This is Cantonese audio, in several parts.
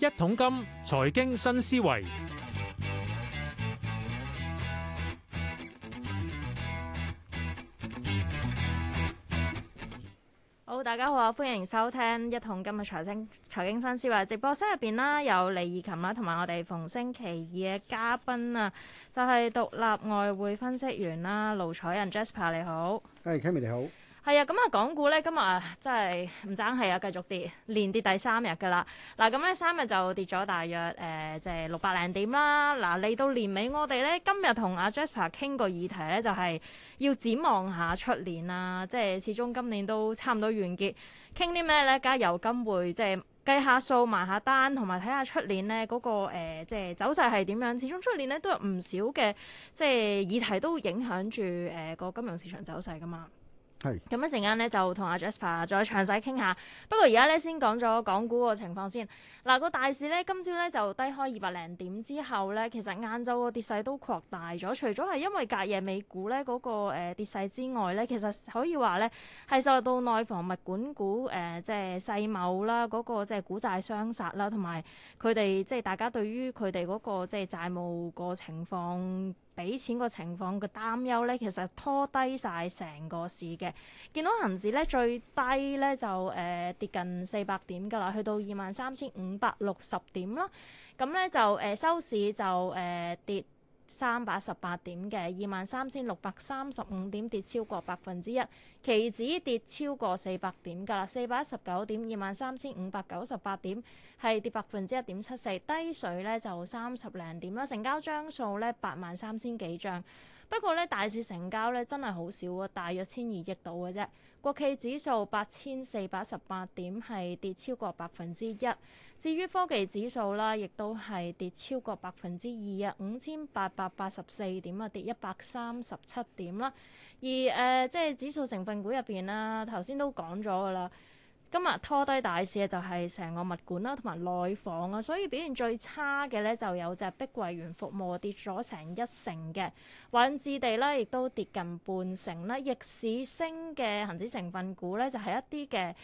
一桶金財經新思維，好，大家好，歡迎收聽一桶金嘅財經財經新思維直播室入邊啦，有李怡琴啦，同埋我哋逢星期二嘅嘉賓啊，就係、是、獨立外匯分析員啦，盧楚仁 Jasper 你好，係、hey, Kimmy 你好。係啊，咁啊、嗯，港股咧今日啊，真係唔爭氣啊，繼續跌，連跌第三日噶啦。嗱、啊，咁、嗯、咧三日就跌咗大約誒，即係六百零點啦。嗱、啊，嚟到年尾，我哋咧今日同阿、啊、Jasper 傾個議題咧，就係、是、要展望下出年啦。即係始終今年都差唔多完結，傾啲咩咧？加油金匯即係計下數、埋、就是、下單，同埋睇下出年咧嗰、那個誒、呃，即係走勢係點樣？始終出年咧都有唔少嘅即係議題都影響住誒個金融市場走勢噶嘛。係咁是一陣間咧，就同阿 Jasper 再詳細傾下。不過而家咧，先講咗港股個情況先。嗱、啊，個大市咧今朝咧就低開二百零點之後咧，其實晏晝個跌勢都擴大咗。除咗係因為隔夜美股咧嗰個跌勢之外咧，其實可以話咧係受到內房物管股誒即係世貿啦嗰個即係股債雙殺啦，同埋佢哋即係大家對於佢哋嗰個即係、就是、債務個情況。俾錢個情況嘅擔憂咧，其實拖低晒成個市嘅。見到恆指咧最低咧就誒、呃、跌近四百點㗎啦，去到二萬三千五百六十點啦。咁咧就誒、呃、收市就誒、呃、跌。三百十八點嘅二萬三千六百三十五點跌超過百分之一，期指跌超過四百點㗎啦，四百一十九點二萬三千五百九十八點係跌百分之一點七四，低水咧就三十零點啦，成交張數咧八萬三千幾張。不過咧，大市成交咧真係好少啊，大約千二億度嘅啫。國企指數八千四百十八點係跌超過百分之一，至於科技指數啦，亦都係跌超過百分之二啊，五千八百八十四點啊，跌一百三十七點啦。而誒、呃，即係指數成分股入邊啦，頭先都講咗噶啦。今日拖低大市嘅就係成個物管啦，同埋內房啊，所以表現最差嘅咧，就有隻碧桂園服務跌咗成一成嘅。華潤置地咧，亦都跌近半成啦。逆市升嘅恒指成分股咧，就係、是、一啲嘅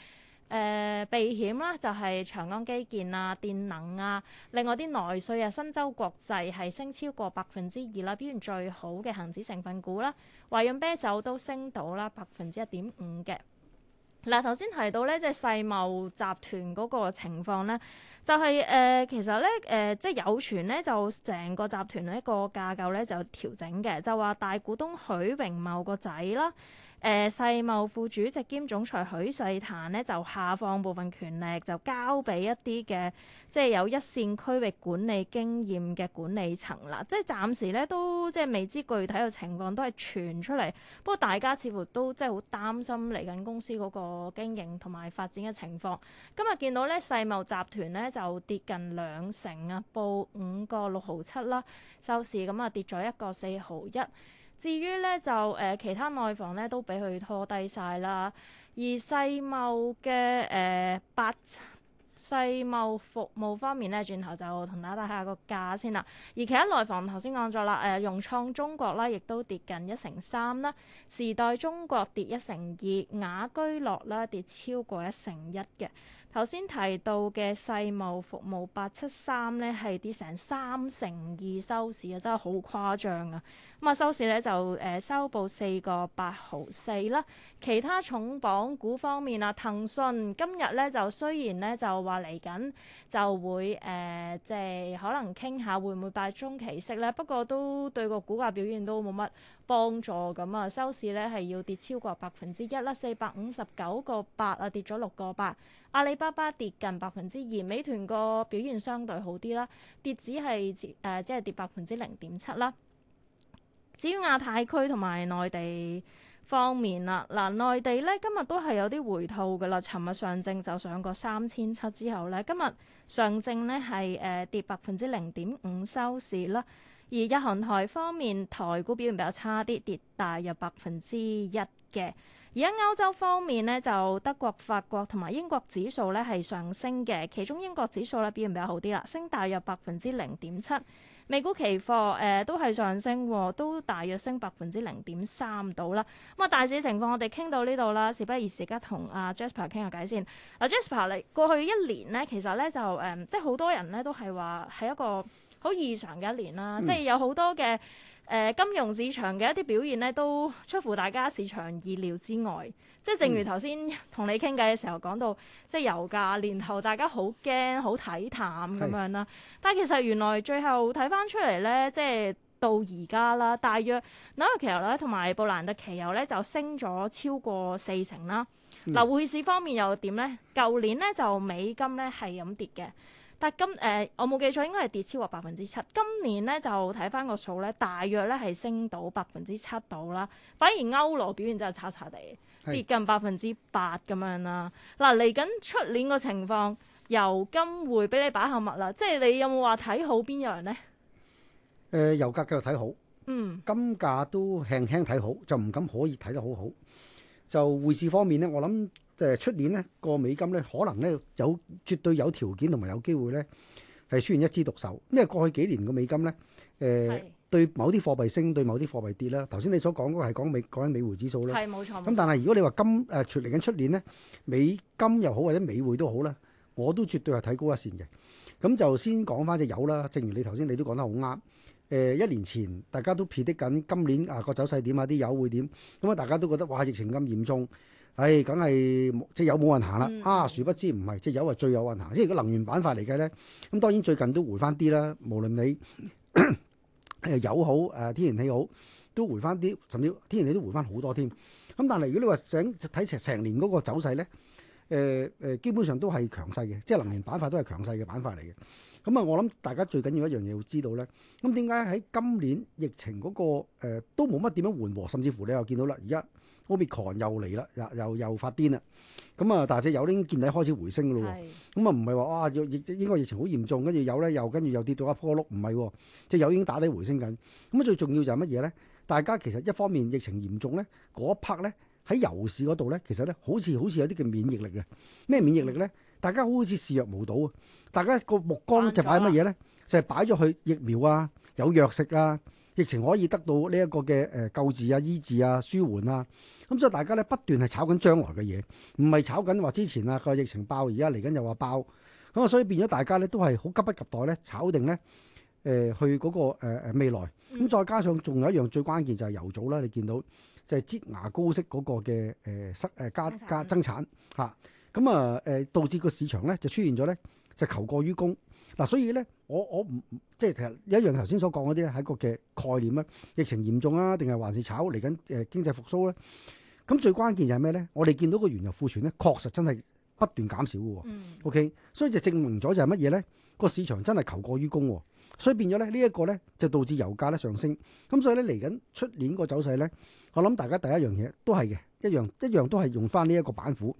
誒避險啦，就係、是、長江基建啊、電能啊。另外啲內需啊，新洲國際係升超過百分之二啦。表現最好嘅恒指成分股啦，華潤啤酒都升到啦百分之一點五嘅。嗱，頭先、啊、提到咧，即係世茂集團嗰個情況咧，就係、是、誒、呃，其實咧誒、呃，即係有傳咧，就成個集團一個架構咧，就調整嘅，就話大股東許榮茂個仔啦。誒、呃、世茂副主席兼總裁許世壇咧就下放部分權力，就交俾一啲嘅即係有一線區域管理經驗嘅管理層啦。即係暫時咧都即係未知具體嘅情況，都係傳出嚟。不過大家似乎都即係好擔心嚟緊公司嗰個經營同埋發展嘅情況。今日見到咧世茂集團咧就跌近兩成啊，報五個六毫七啦，收市咁啊跌咗一個四毫一。至於咧就誒、呃、其他內房咧都俾佢拖低晒啦，而世茂嘅誒八世茂服務方面咧，轉頭就同大家睇下個價先啦。而其他內房頭先講咗啦，誒、呃、融創中國啦，亦都跌近一成三啦，時代中國跌一成二，雅居樂咧跌超過一成一嘅。頭先提到嘅世茂服務八七三咧，係跌成三成二收市啊，真係好誇張啊！咁啊、呃，收市咧就誒收報四個八毫四啦。其他重磅股方面啊，騰訊今日咧就雖然咧就話嚟緊就會誒、呃、即係可能傾下會唔會派中期息咧，不過都對個股價表現都冇乜幫助咁啊，收市咧係要跌超過百分之一啦，四百五十九個八啊，跌咗六個八。阿里巴巴跌近百分之二，美團個表現相對好啲啦，跌只係誒即係跌百分之零點七啦。至於亞太區同埋內地方面啦，嗱、啊、內地咧今日都係有啲回吐噶啦，尋日上證就上過三千七之後咧，今日上證咧係誒跌百分之零點五收市啦。而日韓台方面，台股表現比較差啲，跌大約百分之一嘅。而喺歐洲方面咧，就德國、法國同埋英國指數咧係上升嘅，其中英國指數咧表現比較好啲啦，升大約百分之零點七。美股期貨誒、呃、都係上升，都大約升百分之零點三到啦。咁啊，大市情況我哋傾到呢度啦，事不宜遲、啊，而、啊、家同阿 Jasper 傾下偈先。嗱，Jasper 你過去一年咧，其實咧就誒，即係好多人咧都係話係一個好異常嘅一年啦，嗯、即係有好多嘅誒、呃、金融市場嘅一啲表現咧，都出乎大家市場意料之外。即係正如頭先同你傾偈嘅時候講到，嗯、即係油價年頭大家好驚、好睇淡咁是樣啦。但係其實原來最後睇翻出嚟咧，即係到而家啦，大約紐約期油咧同埋布蘭特期油咧就升咗超過四成啦。嗱、嗯啊，匯市方面又點咧？舊年咧就美金咧係咁跌嘅。但今誒、呃，我冇記錯，應該係跌超過百分之七。今年咧就睇返個數咧，大約咧係升到百分之七度啦。反而歐羅表現真係差差哋，跌近百分之八咁樣啦。嗱是，嚟緊出年個情況，油金匯會俾你把下脈啦。即係你有冇話睇好邊樣咧？誒、呃，油價繼續睇好。嗯。金價都輕輕睇好，就唔敢可以睇得好好。就匯市方面咧，我諗。即係出年咧，個美金咧，可能咧有絕對有條件同埋有機會咧，係出現一枝獨秀。因為過去幾年個美金咧，誒對某啲貨幣升，對某啲貨幣跌啦。頭先你所講嗰個係講美講緊美匯指數啦。係冇錯。咁但係如果你話今誒嚟緊出年咧，美金又好或者美匯都好啦，我都絕對係睇高一線嘅。咁就先講翻隻油啦。正如你頭先你都講得好啱。誒一年前大家都撇得緊，今年啊個走勢點啊，啲油會點？咁啊大家都覺得哇疫情咁嚴重。唉，梗係、哎、即係有冇運行啦？嗯、啊，殊不知唔係，即係有係最有運行。即係如果能源板塊嚟計咧，咁當然最近都回翻啲啦。無論你誒油 好誒、呃、天然氣好，都回翻啲，甚至天然氣都回翻好多添。咁但係如果你話想睇成成年嗰個走勢咧？誒誒、呃，基本上都係強勢嘅，即係能源板塊都係強勢嘅板塊嚟嘅。咁、嗯、啊，我諗大家最緊要一樣嘢要知道咧。咁點解喺今年疫情嗰、那個、呃、都冇乜點樣緩和，甚至乎你又見到啦，而家奧密康又嚟啦，又又又發癲啦。咁、嗯、啊，大隻已經見底開始回升噶咯喎。咁是、嗯、啊，唔係話哇，疫應該疫情好嚴重，跟住有咧，又跟住又跌到一坡碌，唔係，即係有已經打底回升緊。咁、嗯、啊，最重要就係乜嘢咧？大家其實一方面疫情嚴重咧，嗰一拍咧。喺油市嗰度咧，其實咧好似好似有啲叫免疫力嘅，咩免疫力咧？大家好似視若無睹啊！大家個目光就擺乜嘢咧？就係、是、擺咗去疫苗啊，有藥食啊，疫情可以得到呢一個嘅誒救治啊、醫治啊、舒緩啊。咁、嗯、所以大家咧不斷係炒緊將來嘅嘢，唔係炒緊話之前啊個疫情爆，而家嚟緊又話爆。咁啊，所以變咗大家咧都係好急不及待咧炒定咧誒、呃、去嗰、那個誒、呃、未來。咁、嗯、再加上仲有一樣最關鍵就係油組啦，你見到。就係擠牙膏式嗰個嘅誒失誒加加，加增產吓，咁啊誒、啊呃、導致個市場咧就出現咗咧就求過於供嗱、啊，所以咧我我唔即係其實一樣頭先所講嗰啲咧係一個嘅概念啦，疫情嚴重啊，定係還是炒嚟緊誒經濟復甦咧？咁、啊、最關鍵就係咩咧？我哋見到個原油庫存咧，確實真係不斷減少嘅喎、哦。嗯、o、okay? K，所以就證明咗就係乜嘢咧？個市場真係求過於供、哦，所以變咗咧呢一、個咧就導致油價咧上升。咁所以咧嚟緊出年個走勢咧，我諗大家第一樣嘢都係嘅，一樣一樣都係用翻呢一個板斧。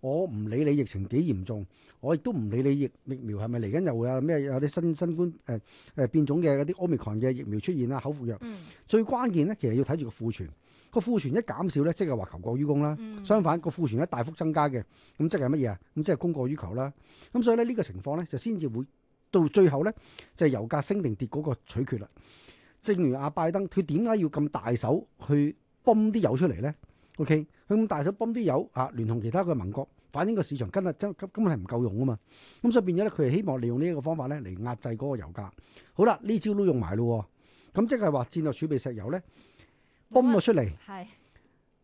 我唔理你疫情幾嚴重，我亦都唔理你疫疫苗係咪嚟緊又會有咩有啲新新冠誒誒變種嘅嗰啲 Omicron 嘅疫苗出現啊，口服藥。嗯、最關鍵咧，其實要睇住個庫存，個庫存一減少咧，即係話求過於供啦。嗯、相反個庫存一大幅增加嘅，咁即係乜嘢啊？咁即係供過於求啦。咁所以咧呢、個情況咧就先至會。到最後咧，就係油價升定跌嗰個取決啦。正如阿拜登，佢點解要咁大手去泵啲油出嚟咧？O K，佢咁大手泵啲油啊，聯同其他嘅盟國反映個市場，今日真根本係唔夠用啊嘛。咁所以變咗咧，佢係希望利用呢一個方法咧嚟壓制嗰個油價。好啦，呢招都用埋咯。咁即係話戰略儲備石油咧泵咗出嚟。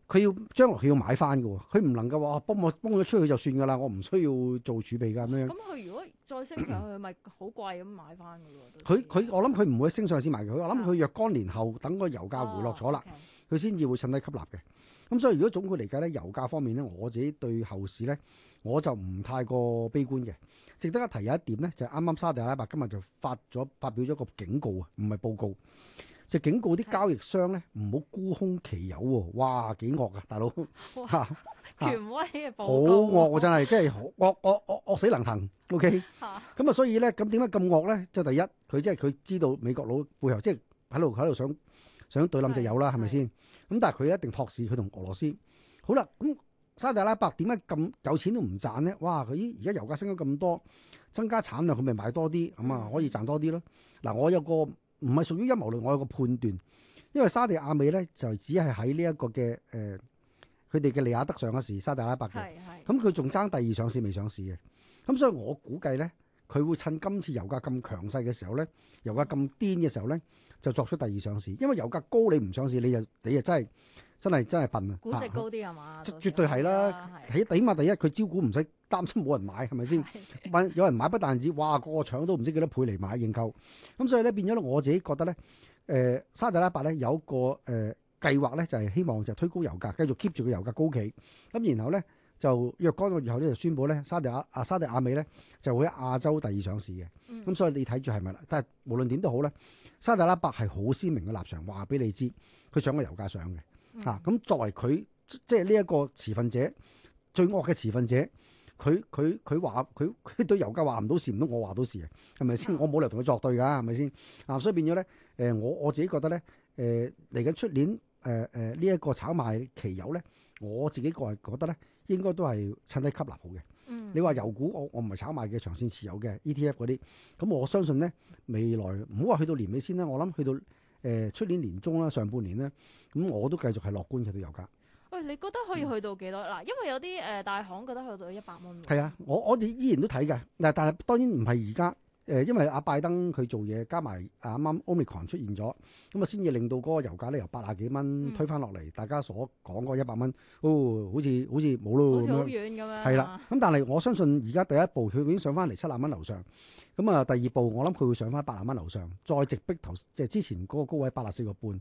佢要將來佢要買翻嘅喎，佢唔能夠話幫我幫我出去就算嘅啦，我唔需要做儲備嘅咁樣。咁佢如果再升上去，咪好 貴咁買翻嘅喎。佢佢我諗佢唔會升上去先買佢，我諗佢若干年後等個油價回落咗啦，佢先至會趁低吸納嘅。咁所以如果總括嚟計咧，油價方面咧，我自己對後市咧，我就唔太過悲觀嘅。值得一提有一點咧，就係啱啱沙特阿拉伯今日就發咗發表咗個警告啊，唔係報告。就警告啲交易商咧，唔好沽空期油喎！哇，幾惡噶、啊，大佬嚇！ 權威嘅報告我， 好惡真、啊、係，真係惡惡惡惡死能行，OK？咁啊，所以咧，咁點解咁惡咧？即係第一，佢即係佢知道美國佬背後即係喺度喺度想想對冧石油啦，係咪先？咁吧是但係佢一定托市，佢同俄羅斯好啦。咁沙特阿拉伯點解咁有錢都唔賺咧？哇！佢依而家油價升咗咁多，增加產量佢咪賣多啲，咁啊可以賺多啲咯。嗱、啊，我有個。唔係屬於陰謀論，我有個判斷，因為沙地亞美咧就只係喺呢一個嘅誒，佢哋嘅利雅德上嗰時，沙地阿拉伯嘅，咁佢仲爭第二上市未上市嘅，咁所以我估計咧，佢會趁今次油價咁強勢嘅時候咧，油價咁癲嘅時候咧，就作出第二上市，因為油價高你唔上市，你又你又真係。真係真係笨啊！估值高啲係嘛？絕對係啦，起的起碼第一佢招股唔使擔心冇人買，係咪先？的有人買不但止，哇個個搶都唔知幾多倍嚟買認購咁，所以咧變咗咧我自己覺得咧，誒、呃、沙特阿拉伯咧有一個誒、呃、計劃咧，就係、是、希望就推高油價，繼續 keep 住個油價高企咁。然後咧就若干個月後呢，就，就宣布咧沙特阿啊沙特阿美咧就會喺亞洲第二上市嘅咁，嗯、所以你睇住係咪？但係無論點都好咧，沙特阿拉伯係好鮮明嘅立場，話俾你知佢想個油價上嘅。嚇！咁、嗯、作為佢即係呢一個持份者，最惡嘅持份者，佢佢佢話佢佢對油價話唔到事，唔通我話到事啊？係咪先？嗯、我冇理由同佢作對㗎，係咪先？啊！所以變咗咧，誒、呃，我我自己覺得咧，誒嚟緊出年，誒誒呢一個炒賣期油咧，我自己個人覺得咧，應該都係趁低吸納好嘅。嗯、你話油股，我我唔係炒賣嘅，長線持有嘅 ETF 嗰啲，咁我相信咧，未來唔好話去到年尾先啦，我諗去到。誒出、呃、年年中啦，上半年咧，咁、嗯、我都繼續係樂觀嘅對油價。喂，你覺得可以去到幾多？嗱、嗯，因為有啲誒、呃、大行覺得去到一百蚊。係啊，我我哋依然都睇嘅，嗱，但係當然唔係而家。誒，因為阿拜登佢做嘢，加埋啊啱啱，Omicron 出現咗，咁啊先至令到嗰個油價咧由八十幾蚊推翻落嚟，嗯、大家所講嗰一百蚊，哦，好似好似冇咯咁樣。好似好遠咁樣。係啦，咁的、啊、但係我相信而家第一步佢已經上翻嚟七十蚊樓上，咁啊第二步我諗佢會上翻八十蚊樓上，再直逼頭，即係之前嗰個高位八十四個半。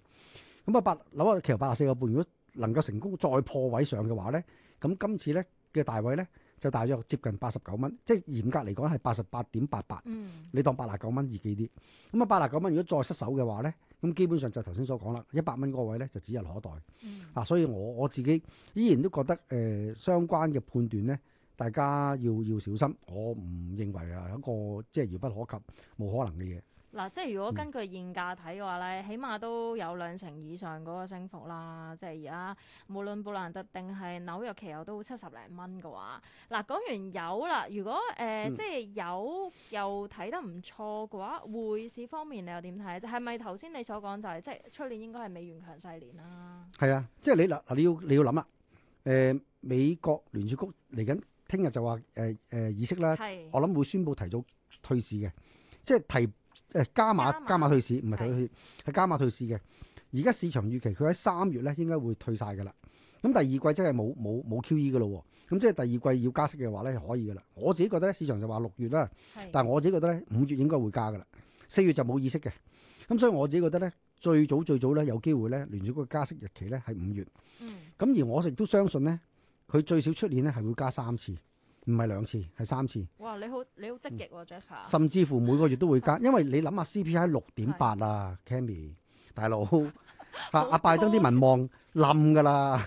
咁啊八，樓啊，其實八十四個半，如果能夠成功再破位上嘅話咧，咁今次咧嘅大位咧，就大約接近八十九蚊，即係嚴格嚟講係八十八點八八，你當八十九蚊容易記啲？咁啊八十九蚊如果再失守嘅話咧，咁基本上就係頭先所講啦，一百蚊嗰個位咧就指日可待。嗱、嗯啊，所以我我自己依然都覺得誒、呃、相關嘅判斷咧，大家要要小心。我唔認為啊一個即係、就是、遙不可及、冇可能嘅嘢。嗱，即係如果根據現價睇嘅話咧，起碼都有兩成以上嗰個升幅啦。即係而家無論布蘭特定係紐約期油都七十零蚊嘅話，嗱講完油啦。如果誒、呃嗯、即係油又睇得唔錯嘅話，匯市方面你又點睇？就係咪頭先你所講就係、是、即係出年應該係美元強勢年啦、啊？係啊，即係你嗱你要你要諗啊。誒、呃，美國聯儲局嚟緊聽日就話誒誒議息啦。係是我諗會宣布提早退市嘅，即係提。誒加碼加碼馬退市，唔係是退市，係加碼退市嘅。而家市場預期佢喺三月咧應該會退晒嘅啦。咁第二季真係冇冇冇 QE 嘅咯喎。咁、e、即係第二季要加息嘅話咧，可以嘅啦。我自己覺得咧，市場就話六月啦。是但係我自己覺得咧，五月應該會加嘅啦。四月就冇意識嘅。咁所以我自己覺得咧，最早最早咧有機會咧，聯儲局加息日期咧係五月。咁、嗯、而我亦都相信咧，佢最少出年咧係會加三次。唔係兩次，係三次。哇！你好，你好積極喎，Jasper。甚至乎每個月都會加，因為你諗下 CPI 六點八啊，Cammy 大佬嚇阿拜登啲民望冧噶啦，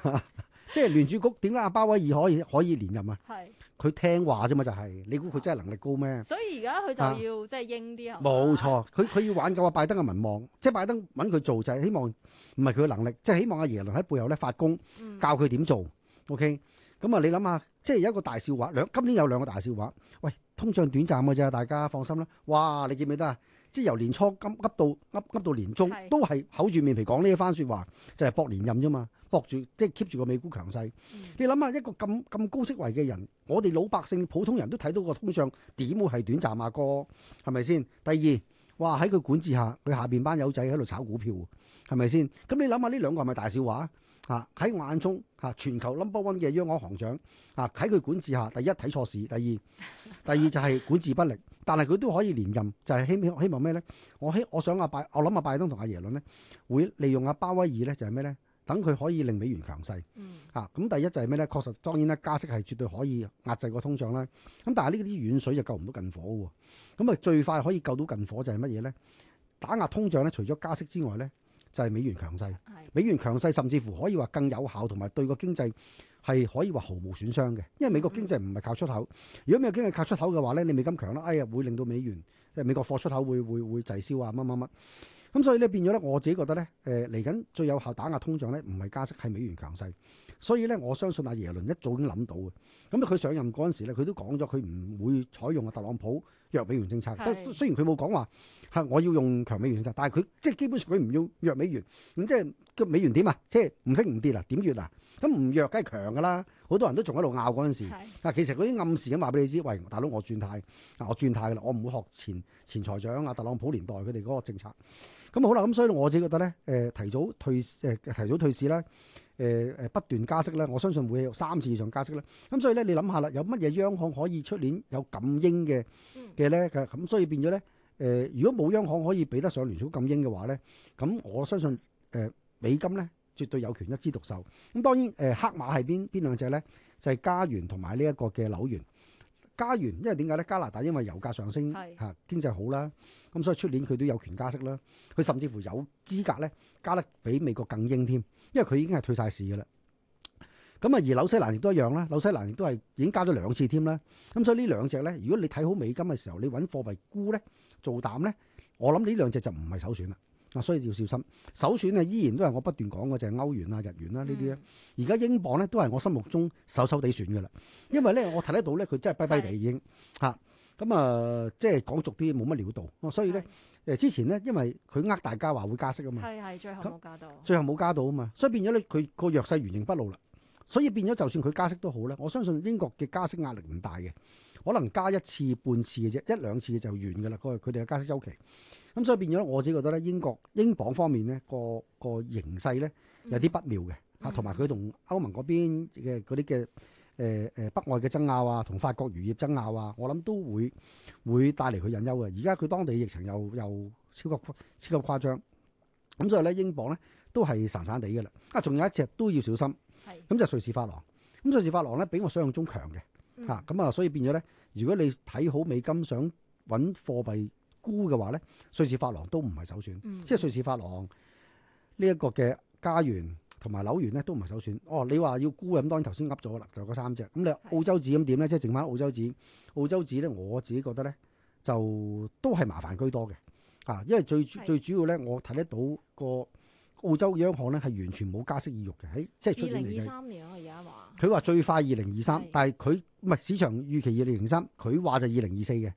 即係聯儲局點解阿鮑威爾可以可以連任啊？係佢聽話啫嘛，就係你估佢真係能力高咩？所以而家佢就要即係應啲啊。冇錯，佢佢要挽救阿拜登嘅民望，即係拜登揾佢做就係希望，唔係佢嘅能力，即係希望阿耶倫喺背後咧發功，教佢點做。OK，咁啊，你諗下。即係一個大笑話，兩今年有兩個大笑話。喂，通脹短暫嘅啫，大家放心啦。哇，你記唔記得啊？即係由年初噏噏到噏噏到年中，是都係厚住面皮講呢一番説話，就係、是、博連任啫嘛，博住即係 keep 住個美股強勢。嗯、你諗下一個咁咁高職位嘅人，我哋老百姓普通人都睇到個通脹點會係短暫啊？哥，係咪先？第二，哇喺佢管治下，佢下邊班友仔喺度炒股票，係咪先？咁你諗下呢兩個係咪大笑話？啊！喺我眼中，啊，全球 number one 嘅央行行長，啊，喺佢管治下，第一睇錯事，第二，第二就係管治不力。 但係佢都可以連任，就係、是、希希望咩咧？我希、啊、我想阿、啊、拜，我諗阿、啊、拜登同阿耶倫咧，會利用阿、啊、巴威爾咧，就係咩咧？等佢可以令美元強勢。嚇、嗯！咁、啊、第一就係咩咧？確實當然咧，加息係絕對可以壓制個通脹啦。咁但係呢啲遠水就救唔到近火喎。咁啊，最快可以救到近火就係乜嘢咧？打壓通脹咧，除咗加息之外咧。就係美元強勢，美元強勢甚至乎可以話更有效，同埋對個經濟係可以話毫無損傷嘅，因為美國經濟唔係靠出口。如果美國經濟靠出口嘅話咧，你美金強啦，哎呀會令到美元，即係美國貨出口會會會滯銷啊，乜乜乜。咁所以咧變咗咧，我自己覺得咧，誒嚟緊最有效打壓通脹咧，唔係加息，係美元強勢。所以咧，我相信阿耶倫一早已經諗到嘅。咁佢上任嗰陣時咧，佢都講咗，佢唔會採用阿特朗普弱美元政策。是雖然佢冇講話，嚇我要用強美元政策，但係佢即係基本上佢唔要弱美元。咁即係嘅美元點啊？即係唔升唔跌啊？點越啊？咁唔弱梗係強㗎啦！好多人都仲喺度拗嗰陣時。嗱是，其實佢啲暗示咁話俾你知，喂，大佬我轉態，嗱我轉態㗎啦，我唔會學前前財長阿特朗普年代佢哋嗰個政策。咁好啦，咁所以我自己覺得咧，誒、呃、提早退誒、呃、提早退市咧。誒誒不斷加息咧，我相信會有三次以上加息咧。咁所以咧，你諗下啦，有乜嘢央行可以出年有咁鷹嘅嘅咧？咁所以變咗咧，誒，如果冇央行可以比得上聯儲咁鷹嘅話咧，咁我相信誒、呃、美金咧絕對有權一枝獨秀。咁當然誒、呃，黑馬係邊邊兩隻咧？就係加元同埋呢一個嘅紐元。加完，因為點解咧？加拿大因為油價上升，嚇是經濟好啦，咁所以出年佢都有權加息啦。佢甚至乎有資格咧加得比美國更鷹添，因為佢已經係退晒市㗎啦。咁啊，而紐西蘭亦都一樣啦，紐西蘭亦都係已經加咗兩次添啦。咁所以呢兩隻咧，如果你睇好美金嘅時候，你揾貨幣沽咧做膽咧，我諗呢兩隻就唔係首選啦。所以要小心，首選咧依然都係我不斷講嘅就係、是、歐元啦、啊、日元啦、啊嗯、呢啲咧。而家英鎊咧都係我心目中首首地選嘅啦，因為咧我睇得到咧佢真係跛跛地已經吓咁是的 啊，嗯呃、即係講俗啲冇乜料到。所以咧誒是的 之前咧因為佢呃大家話會加息啊嘛，係係最後冇加到，最後冇加到啊嘛，所以變咗咧佢個弱勢原形畢露啦，所以變咗就算佢加息都好咧，我相信英國嘅加息壓力唔大嘅。可能加一次半次嘅啫，一兩次就完嘅啦。佢佢哋嘅加息周期，咁、嗯、所以變咗我自己覺得咧，英國英鎊方面咧個個形勢咧有啲不妙嘅吓，同埋佢同歐盟嗰邊嘅嗰啲嘅誒誒北外嘅爭拗啊，同法國漁業爭拗啊，我諗都會會帶嚟佢隱憂嘅。而家佢當地疫情又又超級超級誇張，咁、嗯、所以咧英鎊咧都係孱孱地嘅啦。啊，仲有一隻都要小心，咁就瑞士法郎。咁瑞士法郎咧比我想象中強嘅。嚇咁啊！所以變咗咧，如果你睇好美金，想揾貨幣沽嘅話咧，瑞士法郎都唔係首選。嗯、即係瑞士法郎呢一個嘅加元同埋紐元咧都唔係首選。哦，你話要沽啊，咁當然頭先噏咗啦，就嗰、是、三隻。咁、嗯、你澳洲紙咁點咧？是即係剩翻澳洲紙。澳洲紙咧，我自己覺得咧就都係麻煩居多嘅。嚇、啊，因為最是最主要咧，我睇得到個澳洲央行咧係完全冇加息意欲嘅，喺即係出年二零二三年啊有。佢話最快二零二三，但係佢唔係市場預期二零零三，佢話就二零二四嘅。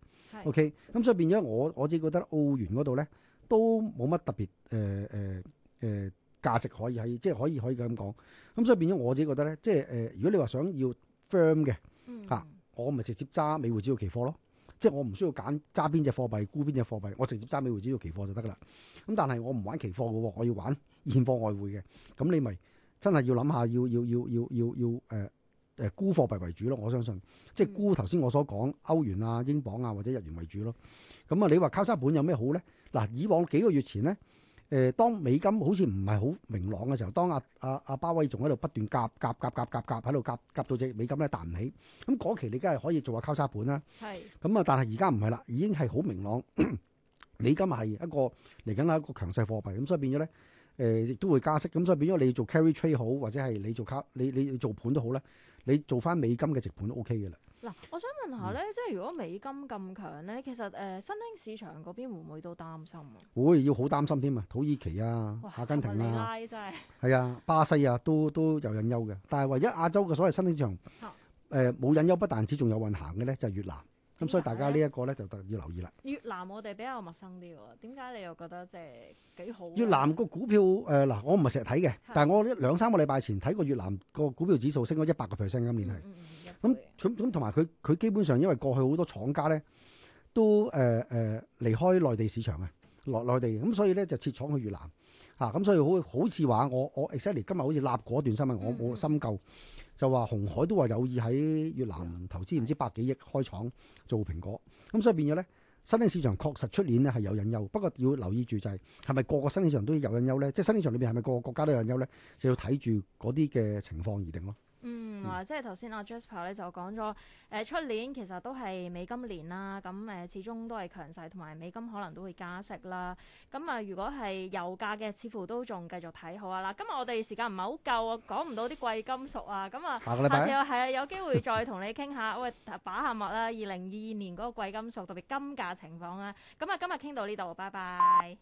OK，咁、嗯、所以變咗我我自己覺得澳元嗰度咧都冇乜特別誒誒誒價值可以係即係可以可以咁講。咁、嗯、所以變咗我自己覺得咧，即係誒、呃、如果你話想要 firm 嘅嚇、啊，我咪直接揸美匯指數期貨咯。即係我唔需要揀揸邊隻貨幣沽邊隻貨幣，我直接揸美匯指數期貨就得噶啦。咁、嗯、但係我唔玩期貨嘅，我要玩現貨外匯嘅。咁你咪。真係要諗下，要要要要要要誒誒沽貨幣為主咯！我相信，即係沽頭先我所講歐元啊、英鎊啊或者日元為主咯。咁、嗯、啊、嗯，你話交叉盤有咩好咧？嗱、啊，以往幾個月前咧，誒、呃、當美金好似唔係好明朗嘅時候，當阿阿阿鮑威仲喺度不斷夾夾夾夾夾夾喺度夾夾到隻美金咧彈唔起，咁嗰期你梗係可以做下交叉盤啦。係是。咁啊，但係而家唔係啦，已經係好明朗， 美金係一個嚟緊係一個強勢貨幣，咁所以變咗咧。誒亦都會加息咁，所以變咗你做 carry trade 好，或者係你做卡你你做盤都好啦。你做翻美金嘅直盤都 OK 嘅啦。嗱、呃，我想問下咧，嗯、即係如果美金咁強咧，其實誒、呃、新興市場嗰邊會唔會都擔心啊？會、哎、要好擔心添啊！土耳其啊、哇阿根廷啦、啊，係啊，巴西啊都都有隱憂嘅。但係唯一亞洲嘅所謂新興市場誒冇隱憂，不但止仲有運行嘅咧，就係、是、越南。咁所以大家呢一個咧就特要留意啦。越南我哋比較陌生啲喎，點解你又覺得即係幾好？越南個股票誒嗱，我唔係成日睇嘅，但係我兩三個禮拜前睇過越南個股票指數升咗一百個 percent，今年係咁，咁咁咁同埋佢佢基本上因為過去好多廠家咧都誒誒離開內地市場嘅，落內地，咁所以咧就設廠去越南，啊咁所以好好似話我我 exactly 今日好似立過一段新聞，我冇深究。就話鴻海都話有意喺越南投資唔知百幾億開廠做蘋果，咁的所以變咗咧，新興市場確實出年咧係有隱憂，不過要留意住就係係咪個個新興市場都有隱憂咧？即係新興市場裏邊係咪個個國家都有隱憂咧？就要睇住嗰啲嘅情況而定咯。嗯，即係係頭先阿 Jasper 咧就講咗，誒、呃，出年其實都係美金年啦，咁、嗯、誒始終都係強勢，同埋美金可能都會加息啦。咁、嗯、啊，如果係油價嘅，似乎都仲繼續睇好啊啦。今日我哋時間唔係好夠，講唔到啲貴金屬啊。咁、嗯、啊，下，下次又係、啊、有機會再同你傾下喂、 嗯、把下脈啦。二零二二年嗰個貴金屬，特別金價情況啊。咁啊，今日傾到呢度，拜拜。